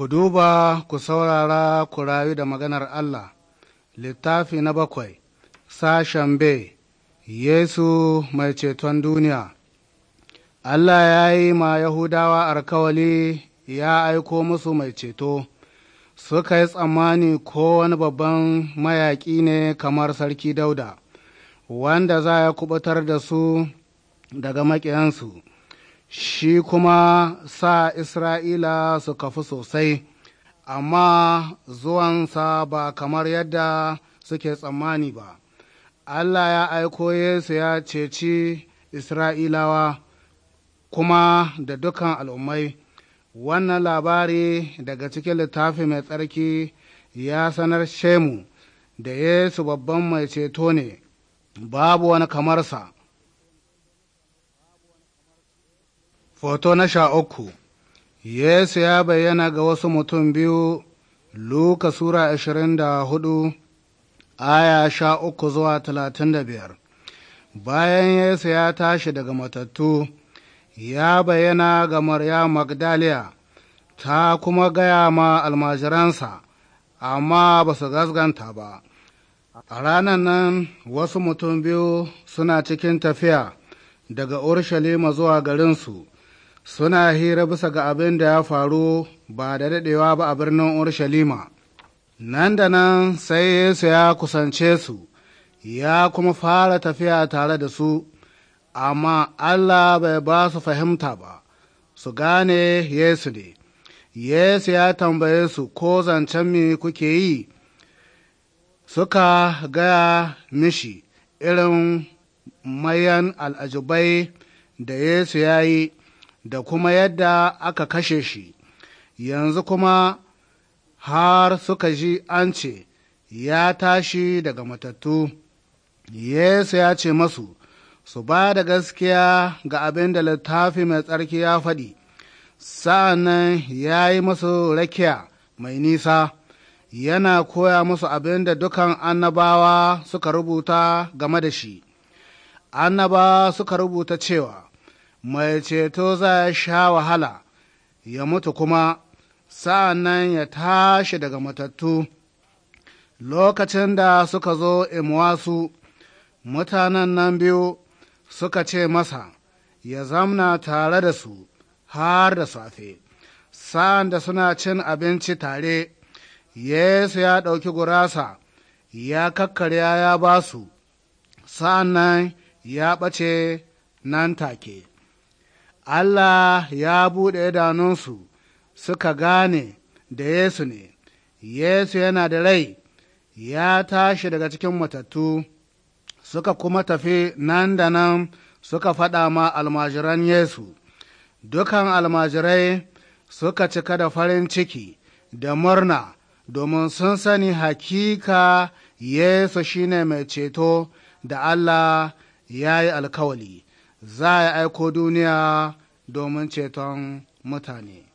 Ku duba, ku saurara, ku rayu da maganar Allah, littafi na bakwai, sashen B, Yesu mai ceton duniya. Allah ya yi ma Yahudawa alkawali ya aiko musu mai ceto, suka yi tsammani ko wani babban mayaƙi ne kamar Sarki Dauda, wanda za ya kubutar da su daga maƙiyansu. shi kuma sa Isra'ila su kafi sosai, amma zuwansa ba kamar yadda suke tsammani ba. Allah ya aiko Yesu ya ceci Isra'ilawa kuma da dukan al'ummai. Wannan labari daga cikin littafi mai tsarki ya sanar shemu da Yesu babban mai ceto ne, babu wani kamarsa. Foto na sha uku Yesu ya bayyana ga wasu mutum biyu Luka Sura ashirin da hudu aya sha uku zuwa talatin da biyar. Bayan Yesu ya tashi daga matattu, ya bayyana ga Maryam Magdaliya, ta kuma gaya ma almajiransa, amma ba su gasganta ba. A ranar nan wasu mutum biyu suna cikin tafiya daga Urshalima zuwa garinsu, suna hira bisa ga abin da ya faru ba da daɗewa ba a birnin Urshalima. Nan da nan sai Yesu ya kusance su, ya kuma fara tafiya tare da su, amma Allah bai ba su fahimta ba, su gane Yesu ne. Yesu ya tambaye su ko zancen me kuke yi, suka gaya mishi irin mayan al'ajubai da Yesu ya yi. da kuma yadda aka kashe shi, yanzu kuma har suka ji an ce, Ya tashi daga matattu, Yesu ya ce masu, su ba da gaskiya ga abin da littafi mai tsarki ya faɗi, sa'an ya yi masu rakiya mai nisa, yana koya musu abin da dukan annabawa suka rubuta game da shi. Annaba suka rubuta cewa, mai ceto zai sha wahala ya mutu kuma sa'an nan ya tashi daga matattu lokacin da suka zo imuwasu mutanen nan biyu suka ce masa ya zamna tare da su har da safe sa'an da suna cin abinci tare yesu ya ɗauki gurasa ya kakkarya ya ba su sa'an nan ya ɓace nan take Allah ya buɗe idanunsu suka gane da Yesu ne, Yesu yana da rai, ya tashi daga cikin matattu, suka kuma tafi nan da nan suka faɗa ma almajiran Yesu, dukan almajirai suka cika da farin ciki da murna domin sun sani hakika Yesu shine mai ceto da Allah ya yi alkawali. za a aiko duniya domin ceton mutane.